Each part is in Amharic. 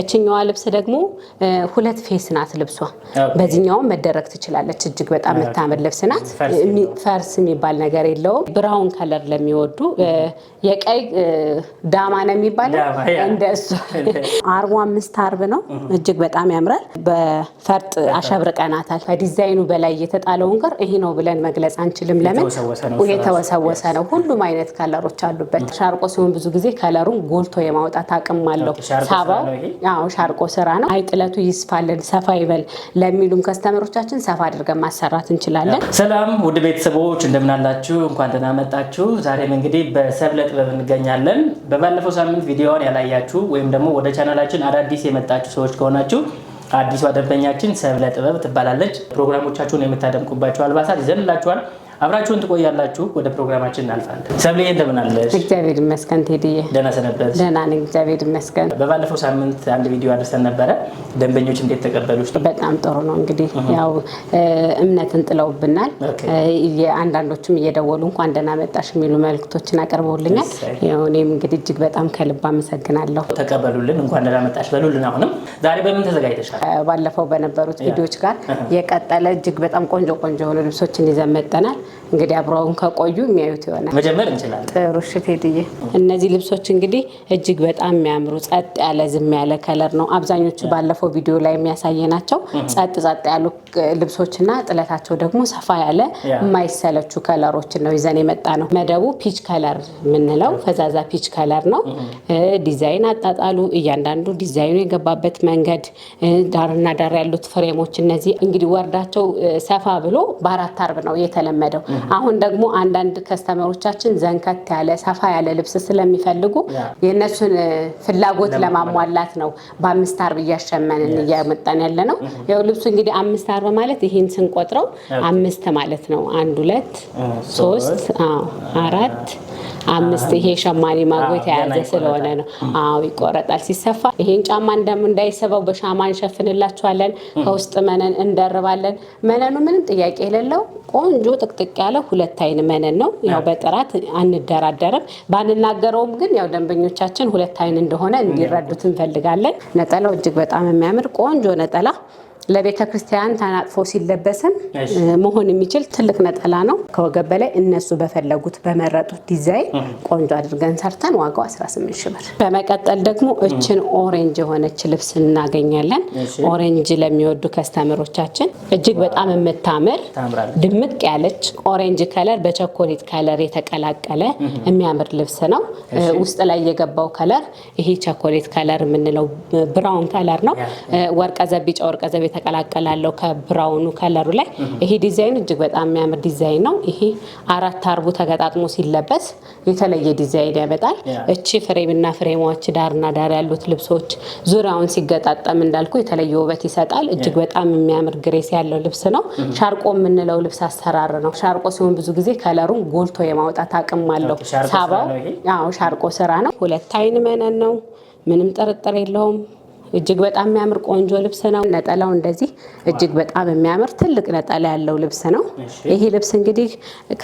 እችኛዋ ልብስ ደግሞ ሁለት ፌስ ናት ልብሷ። በዚህኛውም መደረግ ትችላለች። እጅግ በጣም የምታምር ልብስ ናት። ፈርስ የሚባል ነገር የለውም። ብራውን ከለር ለሚወዱ የቀይ ዳማ ነው የሚባለው እንደ እሱ። አርቡ አምስት አርብ ነው። እጅግ በጣም ያምራል። በፈርጥ አሸብርቀናታል። ከዲዛይኑ በላይ የተጣለውን ጋር ይሄ ነው ብለን መግለጽ አንችልም። ለምን የተወሰወሰ ነው። ሁሉም አይነት ከለሮች አሉበት። ሻርቆ ሲሆን ብዙ ጊዜ ከለሩን ጎልቶ የማውጣት አቅም አለው ሳባው አዎ ሻርቆ ስራ ነው። አይጥለቱ ይስፋልን፣ ሰፋ ይበል ለሚሉም ከስተመሮቻችን ሰፋ አድርገን ማሰራት እንችላለን። ሰላም ውድ ቤተሰቦች እንደምናላችሁ፣ እንኳን ደህና መጣችሁ። ዛሬም እንግዲህ በሰብለ ጥበብ እንገኛለን። በባለፈው ሳምንት ቪዲዮውን ያላያችሁ ወይም ደግሞ ወደ ቻናላችን አዳዲስ የመጣችሁ ሰዎች ከሆናችሁ አዲሷ ደንበኛችን ሰብለ ጥበብ ትባላለች። ፕሮግራሞቻችሁን የምታደምቁባቸው አልባሳት ይዘንላችኋል። አብራችሁን ትቆያላችሁ። ወደ ፕሮግራማችን እናልፋለን። ሰብሌ እንደምን አለሽ? እግዚአብሔር ይመስገን። ቴዲዬ ደህና ሰነበት? ደህና ነኝ፣ እግዚአብሔር ይመስገን። በባለፈው ሳምንት አንድ ቪዲዮ አድርሰን ነበረ። ደንበኞች እንዴት ተቀበሉሽ? በጣም ጥሩ ነው። እንግዲህ ያው እምነትን ጥለውብናል። አንዳንዶችም እየደወሉ እንኳን ደህና መጣሽ የሚሉ መልክቶችን አቀርበውልኛል። እኔም እንግዲህ እጅግ በጣም ከልብ አመሰግናለሁ። ተቀበሉልን፣ እንኳን ደህና መጣሽ በሉልን። አሁንም ዛሬ በምን ተዘጋጅተሻል? ባለፈው በነበሩት ቪዲዮዎች ጋር የቀጠለ እጅግ በጣም ቆንጆ ቆንጆ የሆኑ ልብሶችን ይዘን መጠናል። እንግዲህ አብረውን ከቆዩ የሚያዩት ይሆናል። መጀመር እንችላለን። ጥሩ እሺ ቴድዬ፣ እነዚህ ልብሶች እንግዲህ እጅግ በጣም የሚያምሩ ጸጥ ያለ ዝም ያለ ከለር ነው። አብዛኞቹ ባለፈው ቪዲዮ ላይ የሚያሳየ ናቸው። ጸጥ ጸጥ ያሉ ልብሶችና ጥለታቸው ደግሞ ሰፋ ያለ የማይሰለቹ ከለሮችን ነው ይዘን የመጣ ነው። መደቡ ፒች ከለር የምንለው ፈዛዛ ፒች ከለር ነው። ዲዛይን አጣጣሉ እያንዳንዱ ዲዛይኑ የገባበት መንገድ፣ ዳርና ዳር ያሉት ፍሬሞች እነዚህ እንግዲህ ወርዳቸው ሰፋ ብሎ በአራት አርብ ነው የተለመደ ያለው። አሁን ደግሞ አንዳንድ ከስተመሮቻችን ዘንከት ያለ ሰፋ ያለ ልብስ ስለሚፈልጉ የእነሱን ፍላጎት ለማሟላት ነው በአምስት አርብ እያሸመንን እያመጣን ያለ ነው። mm-hmm. ያው ልብሱ እንግዲህ አምስት አርብ ማለት ይህን ስንቆጥረው አምስት ማለት ነው። አንድ ሁለት uh, ሶስት አራት አምስት ይሄ ሸማኔ ማጎ የያዘ ስለሆነ ነው። አዎ ይቆረጣል። ሲሰፋ ይሄን ጫማ እንዳይሰበው በሻማ እንሸፍንላችኋለን። ከውስጥ መነን እንደርባለን። መነኑ ምንም ጥያቄ የሌለው ቆንጆ ጥቅጥቅ ያለ ሁለት አይን መነን ነው። ያው በጥራት አንደራደርም። ባንናገረውም ግን ያው ደንበኞቻችን ሁለት አይን እንደሆነ እንዲረዱት እንፈልጋለን። ነጠላው እጅግ በጣም የሚያምር ቆንጆ ነጠላ ለቤተ ክርስቲያን ተናጥፎ ሲለበስም መሆን የሚችል ትልቅ ነጠላ ነው። ከወገብ በላይ እነሱ በፈለጉት በመረጡት ዲዛይን ቆንጆ አድርገን ሰርተን ዋጋው 18 ሺህ ብር። በመቀጠል ደግሞ እችን ኦሬንጅ የሆነች ልብስ እናገኛለን። ኦሬንጅ ለሚወዱ ከስተምሮቻችን እጅግ በጣም የምታምር ድምቅ ያለች ኦሬንጅ ከለር በቸኮሌት ከለር የተቀላቀለ የሚያምር ልብስ ነው። ውስጥ ላይ የገባው ከለር ይሄ ቸኮሌት ከለር የምንለው ብራውን ከለር ነው። ወርቀ ዘብ ቢጫ ወርቀ ዘብ ተቀላቀላለው ከብራውኑ ከለሩ ላይ። ይሄ ዲዛይን እጅግ በጣም የሚያምር ዲዛይን ነው። ይሄ አራት አርቡ ተገጣጥሞ ሲለበስ የተለየ ዲዛይን ያመጣል። እቺ ፍሬምና ፍሬሞች ዳርና ዳር ያሉት ልብሶች ዙሪያውን ሲገጣጠም እንዳልኩ የተለየ ውበት ይሰጣል። እጅግ በጣም የሚያምር ግሬስ ያለው ልብስ ነው። ሻርቆ የምንለው ልብስ አሰራር ነው። ሻርቆ ሲሆን ብዙ ጊዜ ከለሩን ጎልቶ የማውጣት አቅም አለው። ሳባው ሻርቆ ስራ ነው። ሁለት አይን መነን ነው። ምንም ጥርጥር የለውም። እጅግ በጣም የሚያምር ቆንጆ ልብስ ነው። ነጠላው እንደዚህ እጅግ በጣም የሚያምር ትልቅ ነጠላ ያለው ልብስ ነው። ይሄ ልብስ እንግዲህ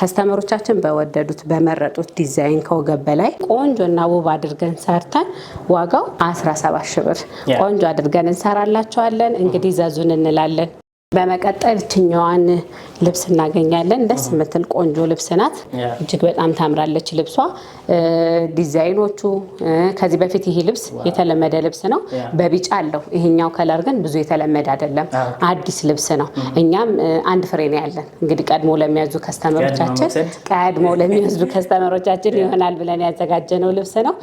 ከስተመሮቻችን በወደዱት በመረጡት ዲዛይን ከወገብ በላይ ቆንጆ እና ውብ አድርገን ሰርተን ዋጋው 17 ሺ ብር ቆንጆ አድርገን እንሰራላቸዋለን። እንግዲህ ዘዙን እንላለን። በመቀጠል እችኛዋን ልብስ እናገኛለን። ደስ የምትል ቆንጆ ልብስ ናት። እጅግ በጣም ታምራለች ልብሷ፣ ዲዛይኖቹ። ከዚህ በፊት ይሄ ልብስ የተለመደ ልብስ ነው፣ በቢጫ አለው። ይሄኛው ከለር ግን ብዙ የተለመደ አይደለም፣ አዲስ ልብስ ነው። እኛም አንድ ፍሬ ነው ያለን። እንግዲህ ቀድሞ ለሚያዙ ከስተመሮቻችን ቀድሞ ለሚያዙ ከስተመሮቻችን ይሆናል ብለን ያዘጋጀነው ልብስ ነው።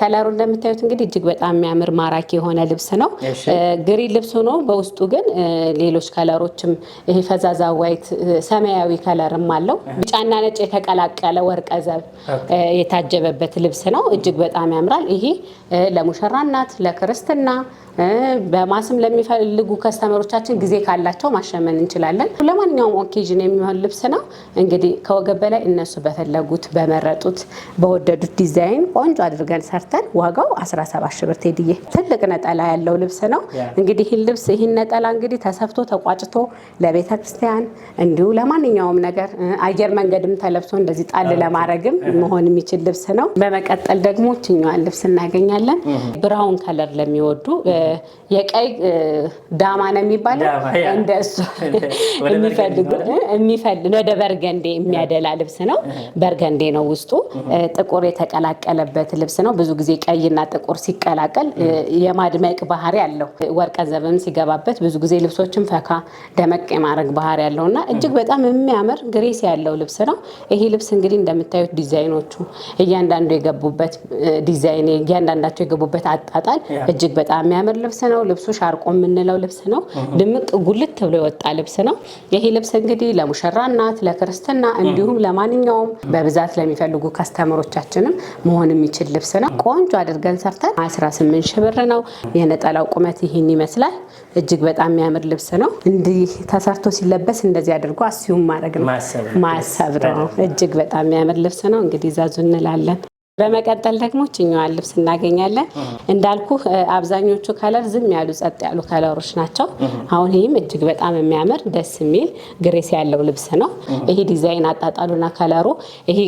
ከለሩ እንደምታዩት እንግዲህ እጅግ በጣም የሚያምር ማራኪ የሆነ ልብስ ነው። ግሪ ልብስ ሆኖ በውስጡ ግን ሌሎች ከለሮችም ይሄ ፈዛዛ ዋይት ሰማያዊ ከለርም አለው። ቢጫና ነጭ የተቀላቀለ ወርቀ ዘብ የታጀበበት ልብስ ነው። እጅግ በጣም ያምራል። ይሄ ለሙሽራ እናት ለክርስትና በማስም ለሚፈልጉ ከስተመሮቻችን ጊዜ ካላቸው ማሸመን እንችላለን። ለማንኛውም ኦኬዥን የሚሆን ልብስ ነው እንግዲህ ከወገብ በላይ እነሱ በፈለጉት በመረጡት በወደዱት ዲዛይን ቆንጆ አድርገን ሰርተን ዋጋው 17 ሺ ብር ቴድዬ ትልቅ ነጠላ ያለው ልብስ ነው። እንግዲህ ይህን ልብስ ይህን ነጠላ እንግዲህ ተሰፍቶ ተቋጭቶ ለቤተ ክርስቲያን እንዲሁ ለማንኛውም ነገር አየር መንገድም ተለብሶ እንደዚህ ጣል ለማድረግም መሆን የሚችል ልብስ ነው። በመቀጠል ደግሞ ችኛዋን ልብስ እናገኛለን ብራውን ከለር ለሚወዱ የቀይ ዳማ ነው የሚባለው። እንደሱ ወደ በርገንዴ የሚያደላ ልብስ ነው። በርገንዴ ነው ውስጡ፣ ጥቁር የተቀላቀለበት ልብስ ነው። ብዙ ጊዜ ቀይና ጥቁር ሲቀላቀል የማድመቅ ባህሪ አለው። ወርቀ ዘብም ሲገባበት ብዙ ጊዜ ልብሶችን ፈካ ደመቅ የማድረግ ባህሪ ያለው እና እጅግ በጣም የሚያምር ግሬስ ያለው ልብስ ነው። ይሄ ልብስ እንግዲህ እንደምታዩት ዲዛይኖቹ እያንዳንዱ የገቡበት ዲዛይን እያንዳንዳቸው የገቡበት አጣጣል እጅግ በጣም የሚያምር ልብስ ነው። ልብሱ ሻርቆ የምንለው ልብስ ነው። ድምቅ ጉልት ተብሎ የወጣ ልብስ ነው። ይሄ ልብስ እንግዲህ ለሙሽራ እናት፣ ለክርስትና እንዲሁም ለማንኛውም በብዛት ለሚፈልጉ ከስተመሮቻችንም መሆን የሚችል ልብስ ነው። ቆንጆ አድርገን ሰርተን 18 ሺህ ብር ነው። የነጠላው ቁመት ይህን ይመስላል። እጅግ በጣም የሚያምር ልብስ ነው። እንዲህ ተሰርቶ ሲለበስ እንደዚህ አድርጎ አስዩም ማድረግ ነው ማሰብ ነው። እጅግ በጣም የሚያምር ልብስ ነው። እንግዲህ ዛዙ እንላለን። በመቀጠል ደግሞ ችኛዋን ልብስ እናገኛለን። እንዳልኩ አብዛኞቹ ከለር ዝም ያሉ ጸጥ ያሉ ከለሮች ናቸው። አሁን ይህም እጅግ በጣም የሚያምር ደስ የሚል ግሬስ ያለው ልብስ ነው። ይህ ዲዛይን አጣጣሉና ከለሩ ይሄ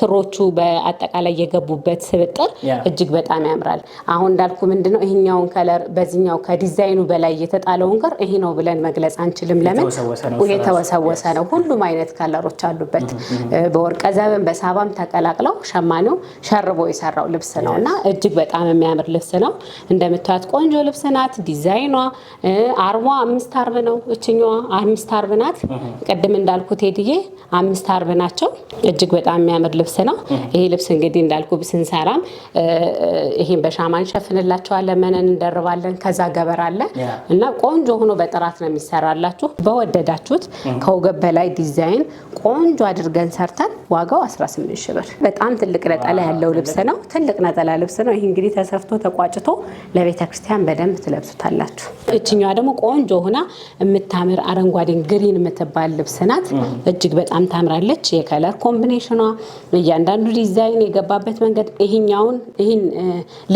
ክሮቹ በአጠቃላይ የገቡበት ስብጥር እጅግ በጣም ያምራል። አሁን እንዳልኩ ምንድነው ይህኛውን ከለር በዚኛው ከዲዛይኑ በላይ የተጣለውን ክር ይሄ ነው ብለን መግለጽ አንችልም። ለምን የተወሰወሰ ነው። ሁሉም አይነት ከለሮች አሉበት። በወርቀ ዘበን በሳባም ተቀላቅለው ሸማኔው ተርቦ የሰራው ልብስ ነው እና እጅግ በጣም የሚያምር ልብስ ነው። እንደምታዩት ቆንጆ ልብስ ናት። ዲዛይኗ አርቧ አምስት አርብ ነው። እችኛዋ አምስት አርብ ናት። ቅድም እንዳልኩ ቴድዬ አምስት አርብ ናቸው። እጅግ በጣም የሚያምር ልብስ ነው። ይሄ ልብስ እንግዲህ እንዳልኩ ስንሰራም ይሄን በሻማ እንሸፍንላቸዋለን፣ መነን እንደርባለን። ከዛ ገበር አለ እና ቆንጆ ሆኖ በጥራት ነው የሚሰራላችሁ። በወደዳችሁት ከወገብ በላይ ዲዛይን ቆንጆ አድርገን ሰርተን ዋጋው 18 ሺ ብር በጣም ትልቅ ነጠላ ያለው ያለው ልብስ ነው። ትልቅ ነጠላ ልብስ ነው። ይህ እንግዲህ ተሰፍቶ ተቋጭቶ ለቤተ ክርስቲያን በደንብ ትለብሱታላችሁ። እችኛዋ ደግሞ ቆንጆ ሆና የምታምር አረንጓዴን ግሪን የምትባል ልብስ ናት። እጅግ በጣም ታምራለች። የከለር ኮምቢኔሽኗ፣ እያንዳንዱ ዲዛይን የገባበት መንገድ ይህኛውን ይህን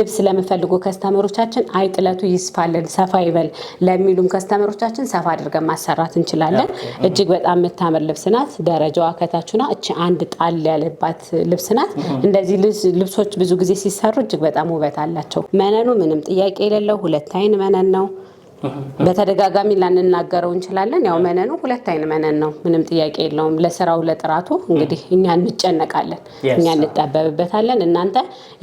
ልብስ ለምፈልጉ ከስተመሮቻችን አይጥለቱ ይስፋልን ሰፋ ይበል ለሚሉም ከስተመሮቻችን ሰፋ አድርገን ማሰራት እንችላለን። እጅግ በጣም የምታምር ልብስ ናት። ደረጃዋ ከታችና እቺ አንድ ጣል ያለባት ልብስ ናት። እንደዚህ ልብስ ልብሶች ብዙ ጊዜ ሲሰሩ እጅግ በጣም ውበት አላቸው። መነኑ ምንም ጥያቄ የሌለው ሁለት አይን መነን ነው። በተደጋጋሚ ላንናገረው እንችላለን። ያው መነኑ ሁለት አይን መነን ነው፣ ምንም ጥያቄ የለውም። ለስራው ለጥራቱ እንግዲህ እኛ እንጨነቃለን፣ እኛ እንጠበብበታለን። እናንተ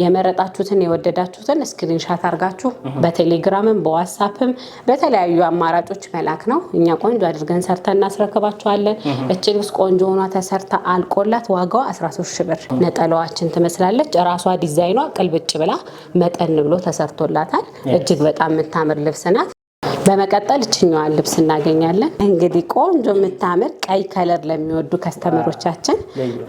የመረጣችሁትን የወደዳችሁትን ስክሪንሻት አርጋችሁ በቴሌግራምም በዋትሳፕም በተለያዩ አማራጮች መላክ ነው። እኛ ቆንጆ አድርገን ሰርተ እናስረክባችኋለን። እች ልብስ ቆንጆ ሆኗ ተሰርታ አልቆላት ዋጋዋ 13 ሺህ ብር ነጠላዋችን ትመስላለች። ራሷ ዲዛይኗ ቅልብጭ ብላ መጠን ብሎ ተሰርቶላታል። እጅግ በጣም የምታምር ልብስ ናት። በመቀጠል እችኛዋን ልብስ እናገኛለን። እንግዲህ ቆንጆ የምታምር ቀይ ከለር ለሚወዱ ከስተመሮቻችን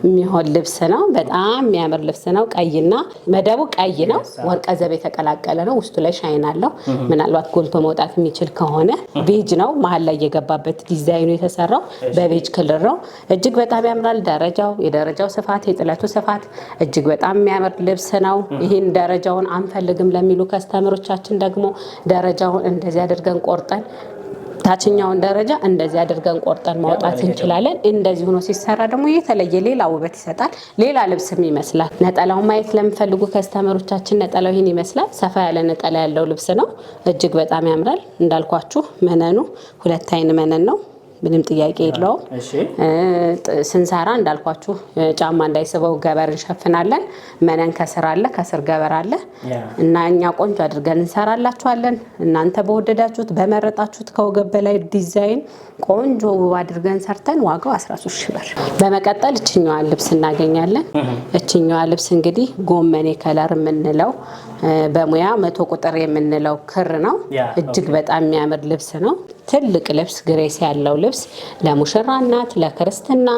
የሚሆን ልብስ ነው። በጣም የሚያምር ልብስ ነው። ቀይና መደቡ ቀይ ነው። ወርቀ ዘብ የተቀላቀለ ነው። ውስጡ ላይ ሻይን አለው። ምናልባት ጎልቶ መውጣት የሚችል ከሆነ ቤጅ ነው። መሀል ላይ የገባበት ዲዛይኑ የተሰራው በቤጅ ክልር ነው። እጅግ በጣም ያምራል። ደረጃው የደረጃው ስፋት የጥለቱ ስፋት እጅግ በጣም የሚያምር ልብስ ነው። ይህን ደረጃውን አንፈልግም ለሚሉ ከስተመሮቻችን ደግሞ ደረጃውን እንደዚህ አድርገን ቆርጠን ታችኛውን ደረጃ እንደዚህ አድርገን ቆርጠን ማውጣት እንችላለን። እንደዚህ ሆኖ ሲሰራ ደግሞ የተለየ ሌላ ውበት ይሰጣል። ሌላ ልብስም ይመስላል። ነጠላውን ማየት ለምፈልጉ ከስተመሮቻችን ነጠላው ይህን ይመስላል። ሰፋ ያለ ነጠላ ያለው ልብስ ነው። እጅግ በጣም ያምራል። እንዳልኳችሁ መነኑ ሁለት አይን መነን ነው። ምንም ጥያቄ የለውም። ስንሰራ እንዳልኳችሁ ጫማ እንዳይስበው ገበር እንሸፍናለን። መነን ከስር አለ፣ ከስር ገበር አለ እና እኛ ቆንጆ አድርገን እንሰራላችኋለን። እናንተ በወደዳችሁት በመረጣችሁት ከወገብ በላይ ዲዛይን ቆንጆ ውብ አድርገን ሰርተን ዋጋው 13 ሺ ብር። በመቀጠል እችኛዋን ልብስ እናገኛለን። እችኛዋ ልብስ እንግዲህ ጎመኔ ከለር የምንለው በሙያ መቶ ቁጥር የምንለው ክር ነው። እጅግ በጣም የሚያምር ልብስ ነው። ትልቅ ልብስ ግሬስ ያለው ልብስ ለሙሽራ እናት፣ ለክርስትና፣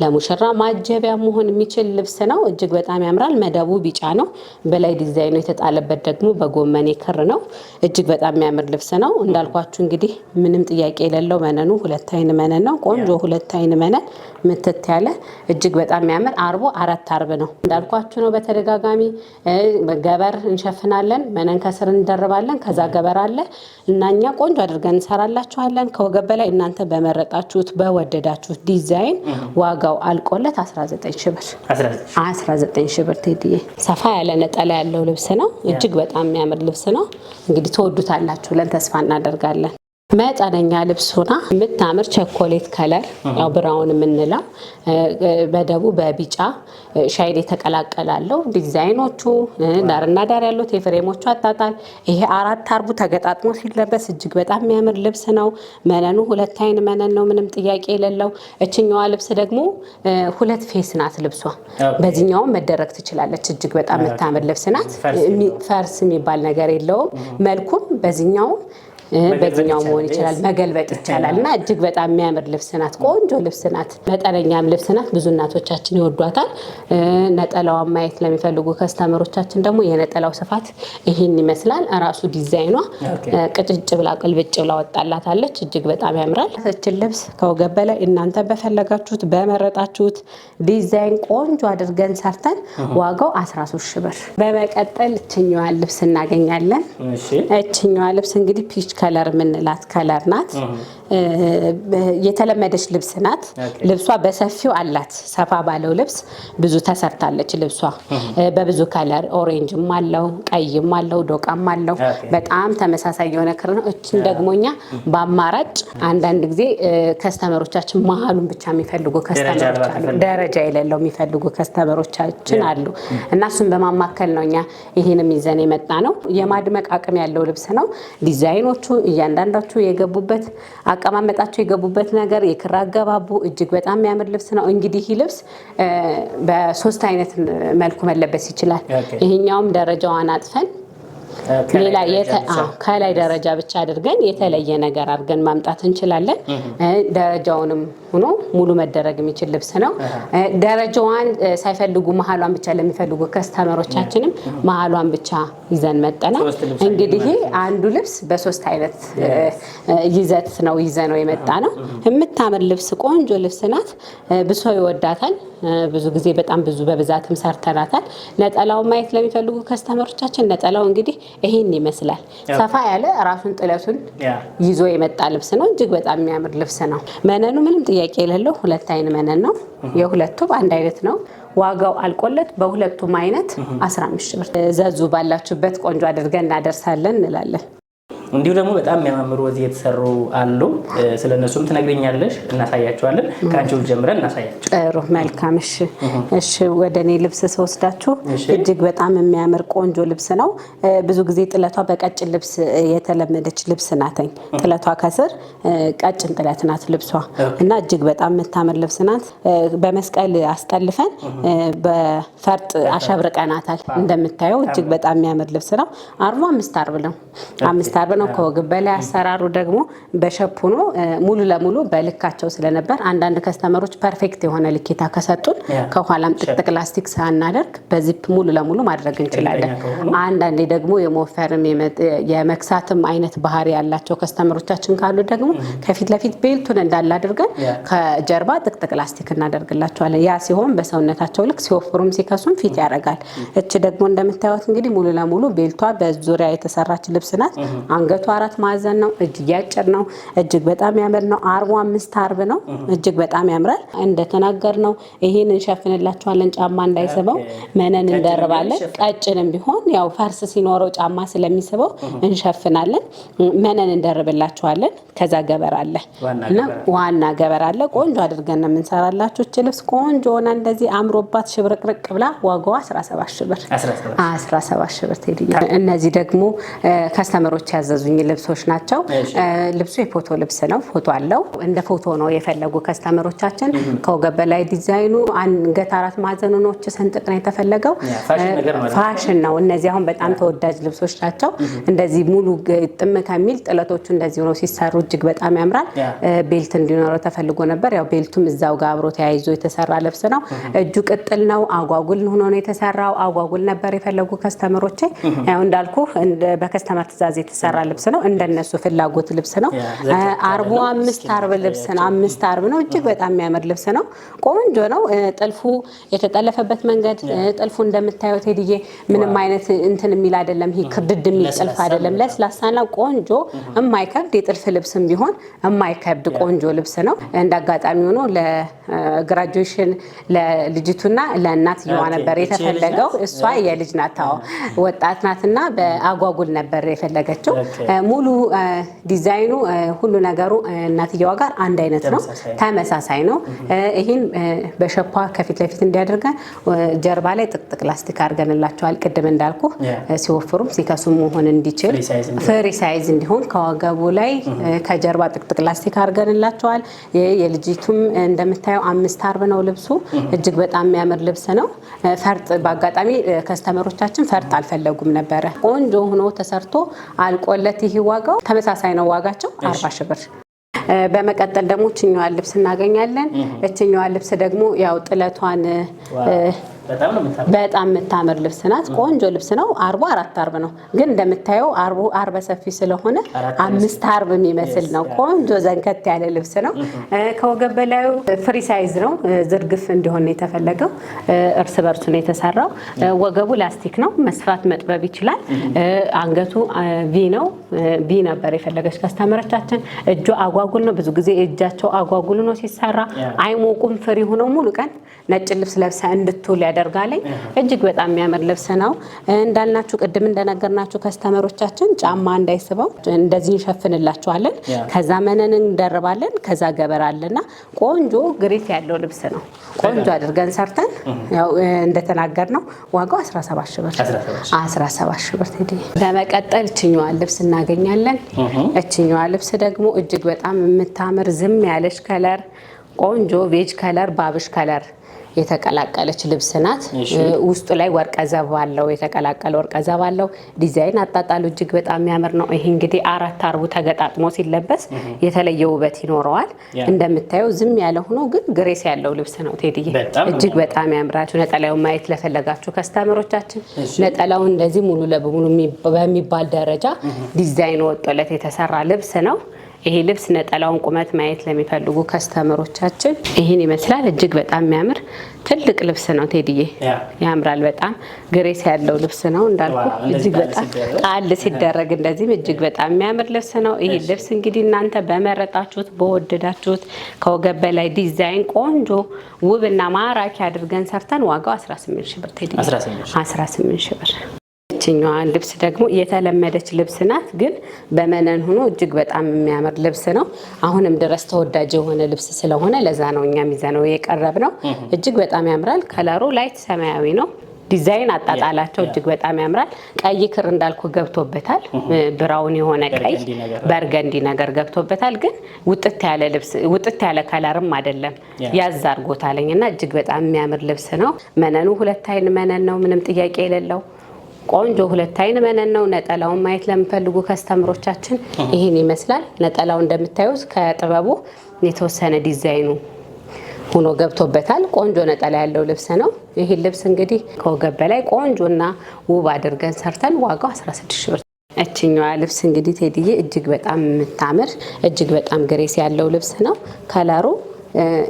ለሙሽራ ማጀቢያ መሆን የሚችል ልብስ ነው። እጅግ በጣም ያምራል። መደቡ ቢጫ ነው። በላይ ዲዛይኑ የተጣለበት ደግሞ በጎመኔ ክር ነው። እጅግ በጣም የሚያምር ልብስ ነው። እንዳልኳችሁ እንግዲህ ምንም ጥያቄ የሌለው መነኑ ሁለት አይን መነን ነው። ቆንጆ ሁለት አይን መነን ምትት ያለ እጅግ በጣም የሚያምር አርቦ አራት አርብ ነው እንዳልኳችሁ ነው። በተደጋጋሚ ገበር እንሸፍናለን፣ መነን ከስር እንደርባለን። ከዛ ገበር አለ እና እኛ ቆንጆ አድርገን እንሰራላችኋለን። ከወገብ በላይ እናንተ በመረጣችሁት በወደዳችሁት ዲዛይን ዋጋው አልቆለት 19 ሺህ ብር 19 ሺህ ብር ሰፋ ያለ ነጠላ ያለው ልብስ ነው። እጅግ በጣም የሚያምር ልብስ ነው። እንግዲህ ትወዱታላችሁ ብለን ተስፋ እናደርጋለን። መጠነኛ ልብስ ሆና የምታምር ቸኮሌት ከለር ያው ብራውን የምንለው በደቡ በቢጫ ሻይን የተቀላቀላለው ዲዛይኖቹ ዳርና ዳር ያሉት የፍሬሞቹ አጣጣል ይሄ አራት አርቡ ተገጣጥሞ ሲለበስ እጅግ በጣም የሚያምር ልብስ ነው። መነኑ ሁለት አይን መነን ነው፣ ምንም ጥያቄ የሌለው። እችኛዋ ልብስ ደግሞ ሁለት ፌስ ናት ልብሷ። በዚህኛውም መደረግ ትችላለች። እጅግ በጣም የምታምር ልብስ ናት። ፈርስ የሚባል ነገር የለውም። መልኩም በዚህኛውም በኛው መሆን ይችላል፣ መገልበጥ ይቻላል እና እጅግ በጣም የሚያምር ልብስ ናት። ቆንጆ ልብስ ናት። መጠነኛም ልብስ ናት። ብዙ እናቶቻችን ይወዷታል። ነጠላዋን ማየት ለሚፈልጉ ከስተመሮቻችን ደግሞ የነጠላው ስፋት ይህን ይመስላል። ራሱ ዲዛይኗ ቅጭጭ ብላ ቅልብጭ ብላ ወጣላታለች። እጅግ በጣም ያምራል። ሰችን ልብስ ከወገብ በላይ እናንተ በፈለጋችሁት በመረጣችሁት ዲዛይን ቆንጆ አድርገን ሰርተን ዋጋው 13 ሺ ብር። በመቀጠል እችኛዋን ልብስ እናገኛለን። እችኛዋ ልብስ እንግዲህ ፒች ከለር የምንላት ከለር ናት። የተለመደች ልብስ ናት። ልብሷ በሰፊው አላት። ሰፋ ባለው ልብስ ብዙ ተሰርታለች። ልብሷ በብዙ ከለር ኦሬንጅም አለው፣ ቀይም አለው፣ ዶቃም አለው። በጣም ተመሳሳይ የሆነ ክር ነው። እችን ደግሞ እኛ በአማራጭ አንዳንድ ጊዜ ከስተመሮቻችን መሀሉን ብቻ የሚፈልጉ ከስተመሮች አሉ፣ ደረጃ የሌለው የሚፈልጉ ከስተመሮቻችን አሉ እና እሱን በማማከል ነው እኛ ይህንም ይዘን የመጣ ነው። የማድመቅ አቅም ያለው ልብስ ነው። ዲዛይኖቹ እያንዳንዳቹ የገቡበት አቀማመጣቸው የገቡበት ነገር የክር አገባቡ እጅግ በጣም የሚያምር ልብስ ነው። እንግዲህ ይህ ልብስ በሶስት አይነት መልኩ መለበስ ይችላል። ይሄኛውም ደረጃዋን አጥፈን ሌላ ከላይ ደረጃ ብቻ አድርገን የተለየ ነገር አድርገን ማምጣት እንችላለን። ደረጃውንም ሆኖ ሙሉ መደረግ የሚችል ልብስ ነው። ደረጃዋን ሳይፈልጉ መሀሏን ብቻ ለሚፈልጉ ከስተመሮቻችንም መሀሏን ብቻ ይዘን መጠናል። እንግዲህ አንዱ ልብስ በሶስት አይነት ይዘት ነው ይዘ ነው የመጣ ነው። የምታምር ልብስ ቆንጆ ልብስ ናት። ብሶ ይወዳታል። ብዙ ጊዜ በጣም ብዙ በብዛትም ሰርተናታል። ነጠላውን ማየት ለሚፈልጉ ከስተመሮቻችን ነጠላው እንግዲህ ይህን ይመስላል። ሰፋ ያለ ራሱን ጥለቱን ይዞ የመጣ ልብስ ነው። እጅግ በጣም የሚያምር ልብስ ነው። መነኑ ምንም ጥያቄ የሌለው ሁለት አይን መነን ነው። የሁለቱም አንድ አይነት ነው። ዋጋው አልቆለት በሁለቱም አይነት 15 ብር። ዘዙ ባላችሁበት ቆንጆ አድርገን እናደርሳለን እንላለን። እንዲሁ ደግሞ በጣም የሚያማምሩ ወዚህ የተሰሩ አሉ። ስለ እነሱም ትነግርኛለሽ፣ እናሳያቸዋለን። ከአንቺው ጀምረን እናሳያቸው። ጥሩ መልካም። እሺ፣ እሺ። ወደ እኔ ልብስ ስወስዳችሁ እጅግ በጣም የሚያምር ቆንጆ ልብስ ነው። ብዙ ጊዜ ጥለቷ በቀጭን ልብስ የተለመደች ልብስ ናተኝ። ጥለቷ ከስር ቀጭን ጥለት ናት ልብሷ እና እጅግ በጣም የምታምር ልብስ ናት። በመስቀል አስጠልፈን በፈርጥ አሸብርቀናታል። እንደምታየው እጅግ በጣም የሚያምር ልብስ ነው። አርቡ አምስት አርብ ነው። አምስት አርብ ነው። ከወግብ በላይ አሰራሩ ደግሞ በሸፑኖ ሙሉ ለሙሉ በልካቸው ስለነበር አንዳንድ ከስተመሮች ፐርፌክት የሆነ ልኬታ ከሰጡን ከኋላም ጥቅጥቅ ላስቲክ ሳናደርግ በዚፕ ሙሉ ለሙሉ ማድረግ እንችላለን። አንዳንዴ ደግሞ የመወፈርም የመክሳትም አይነት ባህሪ ያላቸው ከስተመሮቻችን ካሉ ደግሞ ከፊት ለፊት ቤልቱን እንዳላድርገን አድርገን ከጀርባ ጥቅጥቅ ላስቲክ እናደርግላቸዋለን። ያ ሲሆን በሰውነታቸው ልክ ሲወፍሩም ሲከሱም ፊት ያደርጋል። እች ደግሞ እንደምታዩት እንግዲህ ሙሉ ለሙሉ ቤልቷ በዙሪያ የተሰራች ልብስ ናት። አንገቱ አራት ማዕዘን ነው። እጅጌ አጭር ነው። እጅግ በጣም ያምር ነው። አርቡ አምስት አርብ ነው። እጅግ በጣም ያምራል። እንደተናገር ነው ይህን እንሸፍንላችኋለን፣ ጫማ እንዳይስበው መነን እንደርባለን። ቀጭንም ቢሆን ያው ፈርስ ሲኖረው ጫማ ስለሚስበው እንሸፍናለን፣ መነን እንደርብላችኋለን። ከዛ ገበር አለ እና ዋና ገበር አለ። ቆንጆ አድርገን ነው የምንሰራላችሁ። እች ልብስ ቆንጆ ሆና እንደዚህ አምሮባት ሽብርቅርቅ ብላ ዋጋዋ 17 ሺህ ብር 17 ሺህ ብር። እነዚህ ደግሞ ከስተመሮች ያዘ የታዘዙኝ ልብሶች ናቸው። ልብሱ የፎቶ ልብስ ነው። ፎቶ አለው። እንደ ፎቶ ነው የፈለጉ ከስተመሮቻችን። ከወገብ በላይ ዲዛይኑ፣ አንገት አራት ማዕዘኖች ስንጥቅ ነው የተፈለገው። ፋሽን ነው። እነዚህ አሁን በጣም ተወዳጅ ልብሶች ናቸው። እንደዚህ ሙሉ ጥም ከሚል ጥለቶቹ እንደዚህ ሆነው ሲሰሩ እጅግ በጣም ያምራል። ቤልት እንዲኖረው ተፈልጎ ነበር። ያው ቤልቱም እዛው ጋር አብሮ ተያይዞ የተሰራ ልብስ ነው። እጁ ቅጥል ነው። አጓጉል ሆኖ ነው የተሰራው። አጓጉል ነበር የፈለጉ ከስተመሮቼ። ያው እንዳልኩ በከስተመር ትእዛዝ የተሰራ ልብስ ነው፣ እንደነሱ ፍላጎት ልብስ ነው። አርቡ አምስት አርብ ልብስ ነው፣ አምስት አርብ ነው። እጅግ በጣም የሚያምር ልብስ ነው። ቆንጆ ነው። ጥልፉ የተጠለፈበት መንገድ ጥልፉ እንደምታየው ቴድዬ ምንም አይነት እንትን የሚል አይደለም። ይሄ ክብድድ የሚል ጥልፍ አይደለም። ለስላሳና ቆንጆ የማይከብድ የጥልፍ ልብስም ቢሆን የማይከብድ ቆንጆ ልብስ ነው። እንደ አጋጣሚ ሆኖ ለግራጁዌሽን ለልጅቱና ለእናትየዋ ነበር የተፈለገው። እሷ የልጅ ናት፣ ወጣት ናትና በአጓጉል ነበር የፈለገችው። ሙሉ ዲዛይኑ ሁሉ ነገሩ እናትየዋ ጋር አንድ አይነት ነው፣ ተመሳሳይ ነው። ይህን በሸፓ ከፊት ለፊት እንዲያደርገን ጀርባ ላይ ጥቅጥቅ ላስቲክ አድርገንላቸዋል። ቅድም እንዳልኩ ሲወፍሩም ሲከሱ መሆን እንዲችል ፍሪ ሳይዝ እንዲሆን ከወገቡ ላይ ከጀርባ ጥቅጥቅ ላስቲክ አድርገንላቸዋል። የልጅቱም እንደምታየው አምስት አርብ ነው ልብሱ። እጅግ በጣም የሚያምር ልብስ ነው። ፈርጥ በአጋጣሚ ከስተመሮቻችን ፈርጥ አልፈለጉም ነበረ። ቆንጆ ሆኖ ተሰርቶ አልቆል ማለት ይህ ዋጋው ተመሳሳይ ነው። ዋጋቸው አርባ ሺህ ብር በመቀጠል ደግሞ እችኛዋን ልብስ እናገኛለን። እችኛዋን ልብስ ደግሞ ያው ጥለቷን በጣም የምታምር ልብስ ናት። ቆንጆ ልብስ ነው። አርቡ አራት አርብ ነው፣ ግን እንደምታየው አርቡ አርበ ሰፊ ስለሆነ አምስት አርብ የሚመስል ነው። ቆንጆ ዘንከት ያለ ልብስ ነው። ከወገብ በላዩ ፍሪ ሳይዝ ነው። ዝርግፍ እንዲሆን የተፈለገው እርስ በርሱ ነው የተሰራው። ወገቡ ላስቲክ ነው። መስፋት መጥበብ ይችላል። አንገቱ ቪ ነው። ቪ ነበር የፈለገች ከስተመረቻችን። እጁ አጓጉል ነው። ብዙ ጊዜ እጃቸው አጓጉል ነው ሲሰራ አይሞቁም። ፍሪ ሆነው ሙሉ ቀን ነጭ ልብስ ለብሳ እንድትውል ያደርጋለኝ። እጅግ በጣም የሚያምር ልብስ ነው። እንዳልናችሁ ቅድም እንደነገርናችሁ ከስተመሮቻችን ጫማ እንዳይስበው እንደዚህ እንሸፍንላችኋለን። ከዛ መነን እንደርባለን። ከዛ ገበር አለና ቆንጆ ግሪት ያለው ልብስ ነው። ቆንጆ አድርገን ሰርተን ያው እንደተናገር ነው ዋጋው 17 ሺህ ብር 17 ሺህ ብር። በመቀጠል እችኛዋን ልብስ እናገኛለን። እችኛዋ ልብስ ደግሞ እጅግ በጣም የምታምር ዝም ያለች ከለር ቆንጆ ቬጅ ከለር ባብሽ ከለር የተቀላቀለች ልብስ ናት። ውስጡ ላይ ወርቀ ዘብ አለው፣ የተቀላቀለ ወርቀ ዘብ አለው። ዲዛይን አጣጣሉ እጅግ በጣም የሚያምር ነው። ይሄ እንግዲህ አራት አርቡ ተገጣጥሞ ሲለበስ የተለየ ውበት ይኖረዋል። እንደምታየው ዝም ያለ ሆኖ ግን ግሬስ ያለው ልብስ ነው ቴዲዬ፣ እጅግ በጣም ያምራችሁ። ነጠላውን ማየት ለፈለጋችሁ ከስተመሮቻችን ነጠላውን እንደዚህ ሙሉ ለሙሉ በሚባል ደረጃ ዲዛይን ወጦለት የተሰራ ልብስ ነው። ይሄ ልብስ ነጠላውን ቁመት ማየት ለሚፈልጉ ከስተመሮቻችን ይህን ይመስላል። እጅግ በጣም የሚያምር ትልቅ ልብስ ነው። ቴዲዬ ያምራል። በጣም ግሬስ ያለው ልብስ ነው እንዳልኩ፣ እጅግ በጣም ጣል ሲደረግ እንደዚህም እጅግ በጣም የሚያምር ልብስ ነው። ይህ ልብስ እንግዲህ እናንተ በመረጣችሁት በወደዳችሁት ከወገብ በላይ ዲዛይን ቆንጆ ውብና ማራኪ አድርገን ሰርተን ዋጋው 18 ብር ቴዲዬ 18 ሺ ብር ይችኛዋ ልብስ ደግሞ የተለመደች ልብስ ናት፣ ግን በመነን ሆኖ እጅግ በጣም የሚያምር ልብስ ነው። አሁንም ድረስ ተወዳጅ የሆነ ልብስ ስለሆነ ለዛ ነው እኛም ይዘነው የቀረብ ነው። እጅግ በጣም ያምራል። ከለሩ ላይት ሰማያዊ ነው። ዲዛይን አጣጣላቸው እጅግ በጣም ያምራል። ቀይ ክር እንዳልኩ ገብቶበታል። ብራውን የሆነ ቀይ በርገንዲ ነገር ገብቶበታል። ግን ውጥት ያለ ልብስ ውጥት ያለ ከለርም አይደለም ያዝ እና እጅግ በጣም የሚያምር ልብስ ነው። መነኑ ሁለት አይን መነን ነው። ምንም ጥያቄ የሌለው ቆንጆ ሁለት አይን መነን ነው። ነጠላውን ማየት ለምፈልጉ ከስተምሮቻችን ይህን ይመስላል። ነጠላው እንደምታዩት ከጥበቡ የተወሰነ ዲዛይኑ ሆኖ ገብቶበታል። ቆንጆ ነጠላ ያለው ልብስ ነው። ይህን ልብስ እንግዲህ ከወገብ በላይ ቆንጆና ውብ አድርገን ሰርተን ዋጋው 16 ብር። እችኛዋ ልብስ እንግዲህ ቴዲዬ እጅግ በጣም የምታምር እጅግ በጣም ግሬስ ያለው ልብስ ነው። ከለሩ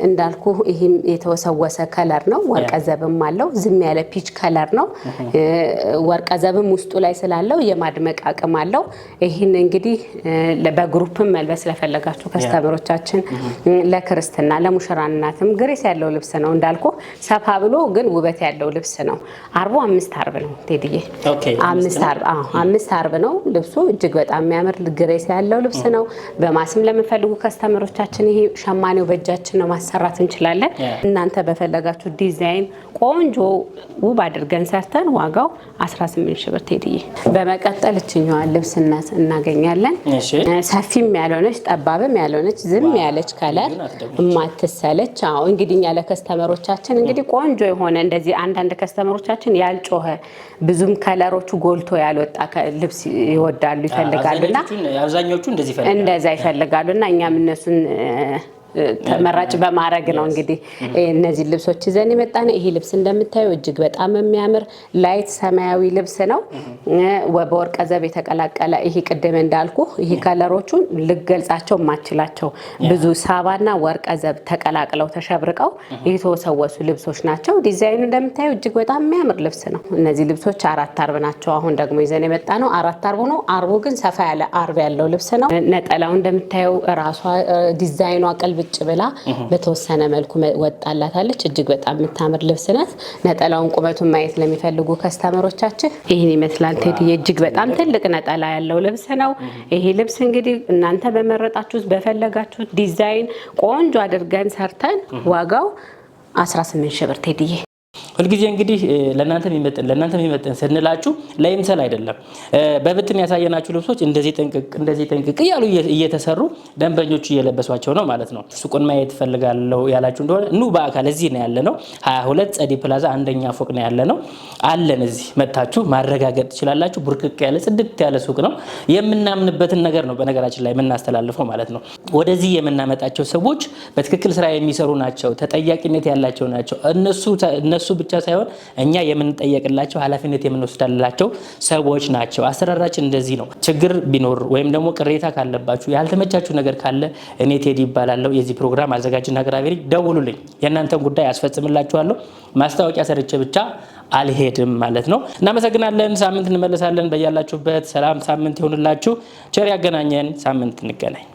እንዳልኩ ይህም የተወሰወሰ ከለር ነው። ዘብም አለው። ዝም ያለ ፒች ከለር ነው። ወርቀ ዘብም ውስጡ ላይ ስላለው የማድመቅ አቅም አለው። ይህን እንግዲህ በግሩፕም መልበስ ለፈለጋችሁ ከስተምሮቻችን፣ ለክርስትና ለሙሽራናትም ግሬስ ያለው ልብስ ነው። እንዳልኩ ሰፋ ብሎ ግን ውበት ያለው ልብስ ነው። አርቡ አምስት አርብ ነው ቴድዬ፣ አምስት አርብ ነው ልብሱ። እጅግ በጣም የሚያምር ግሬስ ያለው ልብስ ነው። በማስም ለምፈልጉ ከስተምሮቻችን ይሄ ሸማኔው በእጃችን ነው ማሰራት እንችላለን። እናንተ በፈለጋችሁ ዲዛይን ቆንጆ ውብ አድርገን ሰርተን ዋጋው 18 ሺህ ብር ቴድዬ። በመቀጠል እችኛዋን ልብስ እናገኛለን። ሰፊም ያልሆነች ጠባብም ያልሆነች ዝም ያለች ከለር የማትሰለች አዎ። እንግዲህ እኛ ለከስተመሮቻችን እንግዲህ ቆንጆ የሆነ እንደዚህ አንዳንድ ከስተመሮቻችን ያልጮኸ ብዙም ከለሮቹ ጎልቶ ያልወጣ ልብስ ይወዳሉ ይፈልጋሉና አብዛኞቹ እንደዛ ይፈልጋሉ እና እኛም እነሱን ተመራጭ በማድረግ ነው እንግዲህ mm-hmm. እነዚህ ልብሶች ይዘን ነው። ይሄ ልብስ እንደምታየው እጅግ በጣም የሚያምር ላይት ሰማያዊ ልብስ ነው mm-hmm. በወርቀ ዘብ የተቀላቀለ። ይሄ ቅድም እንዳልኩ ይሄ ከለሮቹን ልገልጻቸው ማችላቸው ብዙ ሳባና ወርቀ ዘብ ተቀላቅለው ተሸብርቀው mm-hmm. የተወሰወሱ ልብሶች ናቸው። ዲዛይኑ እንደምታየው እጅግ በጣም የሚያምር ልብስ ነው። እነዚህ ልብሶች አራት አርብ ናቸው። አሁን ደግሞ ይዘን የመጣ ነው አራት አርቡ ነው። አርቡ ግን ሰፋ ያለ አርብ ያለው ልብስ ነው። ነጠላው እንደምታየው ራሷ ዲዛይኗ ቅልብ ቁጭ ብላ በተወሰነ መልኩ ወጣላታለች። እጅግ በጣም የምታምር ልብስ ናት። ነጠላውን ቁመቱን ማየት ለሚፈልጉ ከስተመሮቻችን ይህን ይመስላል። ቴዲዬ እጅግ በጣም ትልቅ ነጠላ ያለው ልብስ ነው። ይሄ ልብስ እንግዲህ እናንተ በመረጣችሁት በፈለጋችሁት ዲዛይን ቆንጆ አድርገን ሰርተን ዋጋው 18 ሺህ ብር ቴዲዬ ሁልጊዜ እንግዲህ ለእናንተ የሚመጥን ለእናንተ የሚመጥን ስንላችሁ ለይምሰል አይደለም። በብትን ያሳየናችሁ ልብሶች እንደዚህ ጥንቅቅ እንደዚህ ጥንቅቅ እያሉ እየተሰሩ ደንበኞቹ እየለበሷቸው ነው ማለት ነው። ሱቁን ማየት ፈልጋለሁ ያላችሁ እንደሆነ ኑ በአካል እዚህ ነው ያለ ነው። 22 ጸዲ ፕላዛ አንደኛ ፎቅ ነው ያለ ነው አለን። እዚህ መታችሁ ማረጋገጥ ትችላላችሁ። ቡርቅቅ ያለ ጽድት ያለ ሱቅ ነው። የምናምንበትን ነገር ነው በነገራችን ላይ የምናስተላልፈው ማለት ነው። ወደዚህ የምናመጣቸው ሰዎች በትክክል ስራ የሚሰሩ ናቸው፣ ተጠያቂነት ያላቸው ናቸው። እነሱ ብቻ ሳይሆን እኛ የምንጠየቅላቸው ኃላፊነት የምንወስዳላቸው ሰዎች ናቸው። አሰራራችን እንደዚህ ነው። ችግር ቢኖር ወይም ደግሞ ቅሬታ ካለባችሁ ያልተመቻችሁ ነገር ካለ እኔ ቴዲ ይባላለሁ የዚህ ፕሮግራም አዘጋጅና አቅራቢ ደውሉልኝ። የእናንተን ጉዳይ አስፈጽምላችኋለሁ። ማስታወቂያ ሰርቼ ብቻ አልሄድም ማለት ነው። እናመሰግናለን። ሳምንት እንመለሳለን። በያላችሁበት ሰላም ሳምንት ይሆንላችሁ። ቸር ያገናኘን። ሳምንት እንገናኝ።